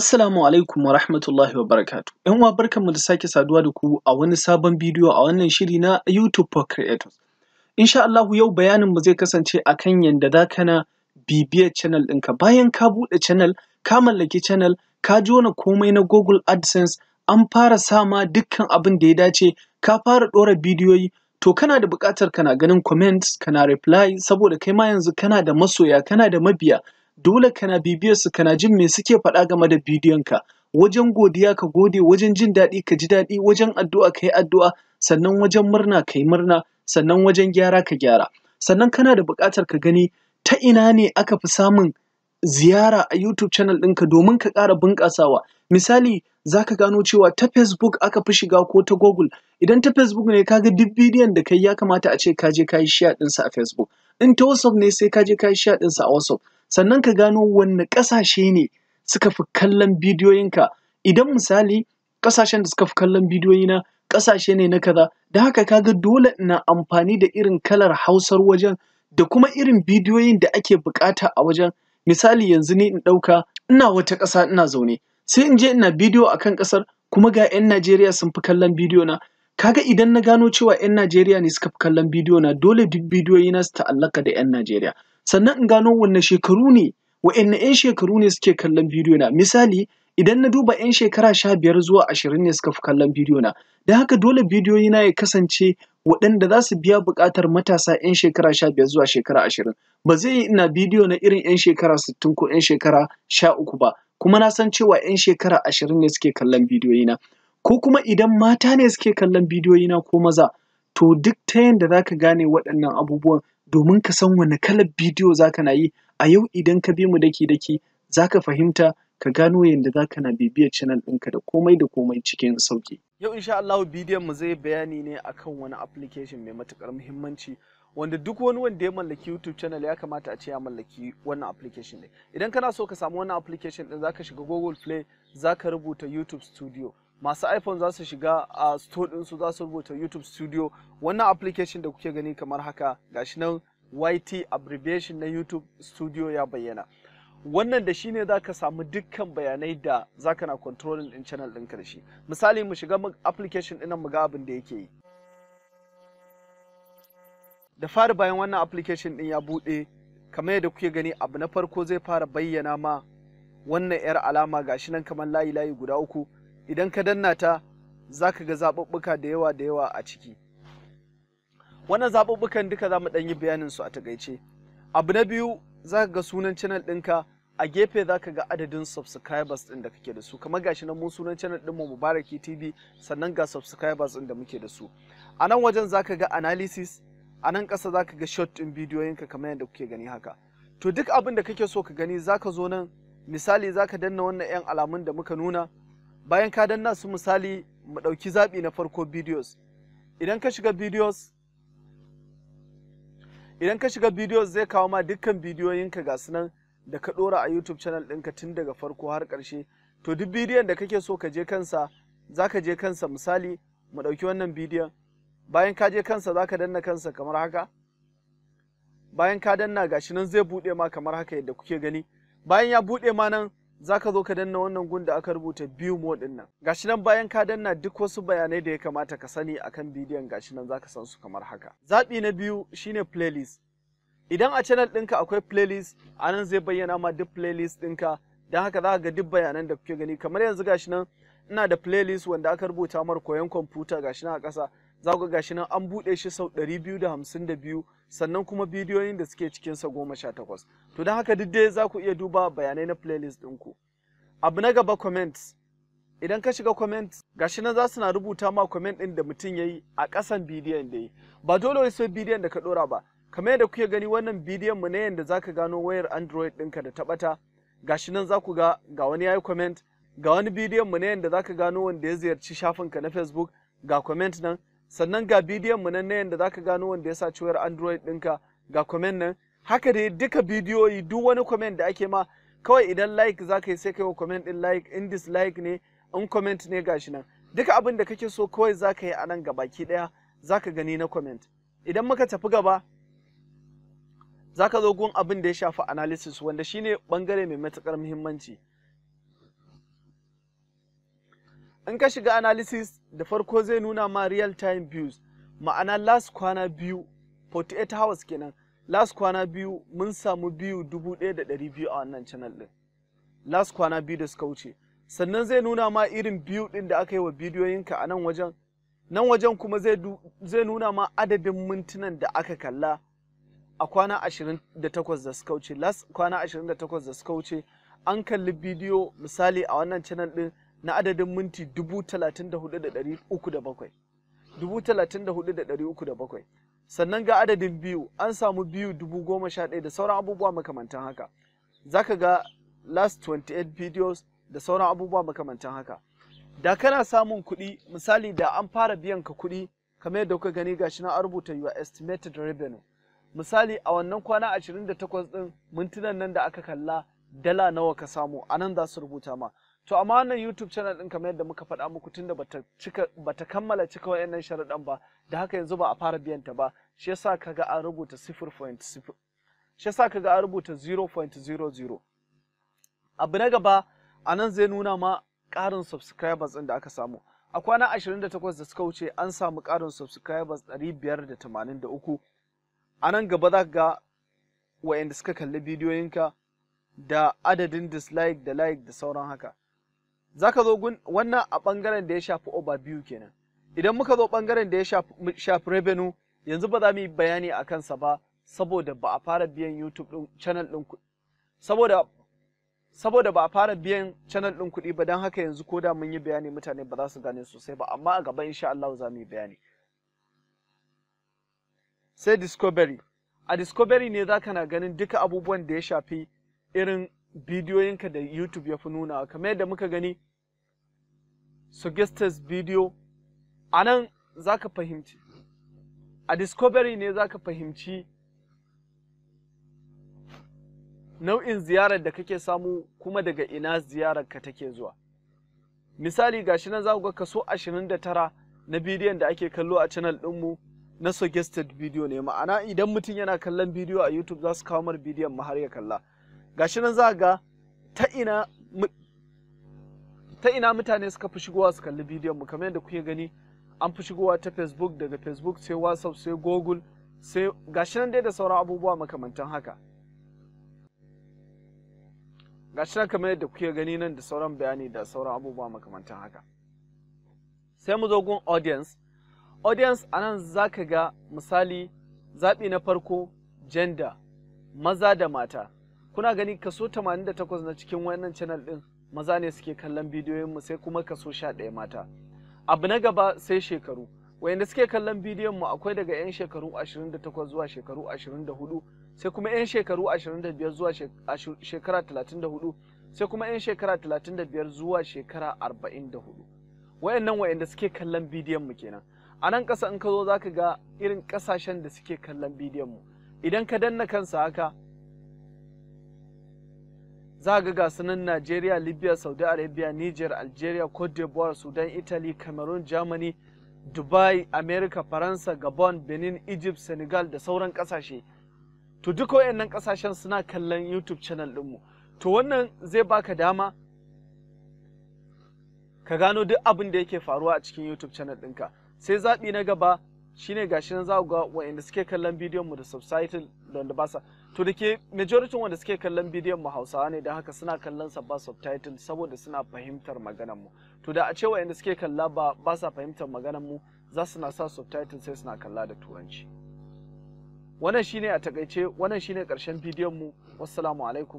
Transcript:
Assalamu alaikum wa rahmatullahi wa barakatu. ‘Yan uwa barkanmu da sake saduwa da ku a wani sabon bidiyo a wannan shiri na YouTube for Creators. Insha Allah yau bayanin mu zai kasance akan yanda za na bibiyar channel ɗinka bayan ka buɗe channel, ka mallaki channel, ka jona komai na Google AdSense, an fara sama dukkan abin da ya dace, ka fara ɗora bidiyoyi, to kana da buƙatar kana ganin comments, kana reply saboda kai ma yanzu kana da masoya, kana da mabiya. dole kana bibiyar su kana jin me suke faɗa game da bidiyon ka wajen godiya ka gode wajen jin daɗi ka ji daɗi wajen addu'a ka yi addu'a sannan wajen murna ka yi murna sannan wajen gyara ka gyara sannan kana da buƙatar ka gani ta ina ne aka fi samun ziyara a YouTube channel ɗinka domin ka ƙara bunƙasawa misali za ka gano cewa ta Facebook aka fi shiga ko ta Google idan ta Facebook ne ka ga duk bidiyon da kai ya kamata a ce ka je ka yi share ɗinsa a Facebook in ta WhatsApp ne sai ka je ka yi share ɗinsa a WhatsApp sannan ka gano wanne ƙasashe ne suka fi kallon bidiyoyinka idan misali ƙasashen da suka fi kallon bidiyoyina ƙasashe ne na kaza da haka kaga dole ina amfani da irin kalar hausar wajen da kuma irin bidiyoyin da ake buƙata a wajen misali yanzu ni in ɗauka ina wata ƙasa ina zaune sai in je ina bidiyo a kan ƙasar kuma ga 'yan Najeriya sun fi kallon bidiyo na kaga idan na gano cewa 'yan Najeriya ne suka fi kallon bidiyo na dole duk bidiyoyina su ta'allaka da 'yan Najeriya sannan in gano wanne shekaru ne wa'inne 'yan shekaru ne suke kallon bidiyo na misali idan na duba 'yan shekara sha biyar zuwa ashirin ne suka fi kallon bidiyo na da haka dole bidiyoyi na ya kasance waɗanda za su biya buƙatar matasa 'yan shekara sha biyar zuwa shekara ashirin ba zai yi ina bidiyo na irin 'yan shekara sittin ko 'yan shekara sha uku ba kuma na san cewa 'yan shekara ashirin ne suke kallon bidiyoyi na ko kuma idan mata ne suke kallon bidiyoyi na ko maza to duk ta yanda za ka gane waɗannan abubuwan domin ka san wani kalar bidiyo za ka na yi a yau idan ka bi mu daki-daki za ka fahimta ka gano yadda za na bibiyar channel ɗinka da komai da komai cikin sauƙi. Yau insha Allahu bidiyon mu zai bayani ne akan wani application mai matuƙar muhimmanci wanda duk wani wanda ya mallaki YouTube channel ya kamata a ce ya mallaki wannan application ne, Idan kana so ka samu wannan application ɗin ka shiga Google Play za ka rubuta YouTube Studio. masu iphone za su shiga a store dinsu za su rubuta youtube studio wannan application da kuke gani kamar haka gashi nan yt abbreviation na youtube studio ya bayyana wannan da shine za ka samu dukkan bayanai da za ka na controlling din channel din karshe misali mu shiga application ɗin mu ga abin da yake yi da fara bayan wannan application din ya bude kamar yadda kuke gani abu na farko zai fara bayyana ma wannan 'yar alama gashi nan kamar layi layi guda uku idan ka danna ta za ka ga zaɓuɓɓuka da yawa da yawa a ciki wannan zaɓuɓɓukan duka za mu ɗan yi bayanin su a takaice abu na biyu za ka ga sunan channel ɗinka a gefe za ka ga adadin subscribers ɗin da kake da su kamar gashi nan mun sunan channel ɗinmu mubaraki tv sannan ga subscribers ɗin da muke da su a nan wajen za ka ga analysis a nan ƙasa za ka ga short ɗin bidiyoyinka kamar yadda kuke gani haka to duk abin da kake so ka gani za ka zo nan misali za ka danna wannan 'yan alamun da muka nuna bayan ka danna su misali mu ɗauki zaɓi na farko videos idan ka shiga videos idan ka shiga videos zai kawo ma dukkan bidiyoyinka ga su nan da ka ɗora a youtube channel ɗinka tun daga farko har ƙarshe to duk bidiyon da kake so ka je kansa za ka je kansa misali mu ɗauki wannan bidiyon bayan ka je kansa za ka danna kansa kamar haka bayan ka danna gashi nan zai buɗe ma kamar haka yadda kuke gani bayan ya buɗe ma nan za ka zo ka danna wannan gun da aka rubuta biyu mo din nan gashi nan bayan ka danna duk wasu bayanai da ya kamata ka sani akan bidiyon gashi nan za ka san su kamar haka zaɓi na biyu shine playlist idan a channel ɗinka akwai playlist a nan zai bayyana ma duk playlist ɗinka don haka za ka ga duk bayanan da kuke gani kamar yanzu gashi nan ina da playlist wanda aka rubuta mar koyon kwamfuta gashi nan a ƙasa za ku gashi nan an buɗe shi sau 252 sannan kuma bidiyoyin da suke cikinsa goma sha takwas to don haka duk dai za ku iya duba bayanai na playlist ɗinku abu na gaba comments idan ka shiga comment gashi nan za su na rubuta ma comment ɗin da mutum ya yi a kasan bidiyon da yi ba dole sai bidiyon da ka ɗora ba kamar yadda kuke gani wannan bidiyon mu ne yadda za ka gano wayar android ɗinka da ta ɓata gashi nan za ku ga ga wani ya yi comment ga wani bidiyon mu ne yadda za ka gano wanda ya ziyarci shafin ka na facebook ga comment nan sannan ga bidiyon mu nan na yanda zaka gano wanda ya sa ciwar android ɗinka ga comment nan haka dai duka bidiyoyi duk wani comment da ake ma kawai idan like zaka yi sai kai wa comment din like in dislike ne in comment ne gashi nan duka abin da kake so kawai zaka yi a nan baki daya zaka gani na comment idan muka tafi gaba zaka zo gun abin da ya shafi analysis wanda shine bangare mai matukar muhimmanci in ka shiga analysis da farko zai nuna ma real time views ma'ana last kwana biyu 48 hours kenan last kwana biyu mun samu biyu dubu ɗaya da ɗari biyu a wannan channel ɗin last kwana biyu da suka wuce sannan zai nuna ma irin biyu ɗin da aka yi wa bidiyoyinka a nan wajen nan wajen kuma zai nuna ma adadin mintunan da aka kalla a kwana 28 da suka wuce last kwana 28 da suka wuce an kalli bidiyo misali a wannan channel ɗin na adadin minti 34,307 sannan ga adadin biyu an samu biyu dubu goma sha da sauran abubuwa makamantan haka za ka ga last 28 videos da sauran abubuwa makamantan haka da kana samun kuɗi misali da an fara biyan ka kuɗi kamar yadda kuka gani gashi na rubuta your estimated revenue misali a wannan kwana 28 din mintunan nan da aka kalla dala nawa ka samu anan za su rubuta ma to amma wannan YouTube channel din kamar yadda muka faɗa muku tunda bata cika bata kammala cika wayannan sharaɗan ba da haka yanzu ba a fara biyan ta ba shi yasa kaga an rubuta 0.0 shi yasa kaga an rubuta 0.00 abu na gaba a nan zai nuna ma karin subscribers ɗin da aka samu a kwana 28 da suka wuce an samu ƙarin subscribers 583 a nan gaba za ka ga wayanda suka kalli bidiyoyinka da adadin dislike da like da sauran haka zaka zo wannan a bangaren da ya shafi overview kenan idan muka zo bangaren da ya shafi revenue yanzu ba za mu yi bayani a kansa ba saboda ba a fara biyan YouTube din channel din saboda saboda ba a fara biyan channel din kuɗi ba don haka yanzu ko da mun yi bayani mutane ba za su gane sosai ba amma a gaba insha Allah za mu yi bayani sai discovery a discovery ne za ka na ganin duka abubuwan da ya shafi irin bidiyoyinka da YouTube ya fi nuna kamar yadda muka gani suggested video a nan za ka fahimci a discovery ne za ka fahimci nau'in ziyarar da kake samu kuma daga ina ziyarar ka take zuwa misali gashi nan za ku ga kaso tara na bidiyon da ake kallo a channel ɗinmu na suggested video ne ma'ana idan mutum yana kallon bidiyo a YouTube za su kawo mar bidiyon har ya kalla gashi nan za ga ta ina ta ina mutane suka fi shigowa su kalli bidiyon mu kamar yadda kuke gani an fi shigowa ta facebook daga facebook sai whatsapp sai google sai gashi nan dai da sauran abubuwa makamantan haka gashi nan kamar yadda kuke gani nan da sauran bayani da sauran abubuwa makamantan haka sai mu zo gun audience audience za ka ga misali zaɓi na farko gender maza da mata kuna gani kaso 88 na cikin wannan channel din maza ne suke kallon bidiyoyin mu sai kuma kaso 11 mata abu na gaba sai shekaru wayanda suke kallon bidiyon mu akwai daga yan shekaru 28 zuwa shekaru 24 sai kuma yan shekaru 25 zuwa shekara 34 sai kuma yan shekara 35 zuwa shekara 44 wayannan wayanda suke kallon bidiyon mu kenan a nan ƙasa in ka zo za ka ga irin ƙasashen da suke kallon bidiyon mu idan ka danna kansa haka za ga ga sunan Najeriya, Libya, Saudi Arabia, Niger, Algeria, Cote d'Ivoire, Sudan, Italy, Cameroon, Germany, Dubai, America, Faransa, Gabon, Benin, Egypt, Senegal da sauran kasashe. To duk wayannan kasashen suna kallon YouTube channel ɗinmu. To wannan zai baka dama ka gano duk abin da yake faruwa a cikin YouTube channel ɗinka. Sai zaɓi na gaba shine gashi nan za ga wayanda suke kallon bidiyonmu da subtitle da ba sa. to da ke majority wanda suke kallon bidiyon mu hausawa ne da haka suna kallon sa ba subtitle saboda suna fahimtar maganar mu to da a ce wa'anda suke kalla ba ba sa fahimtar maganar mu za su na sa subtitle sai suna kalla da turanci wannan shine a takaice wannan shine karshen bidiyon mu wassalamu alaikum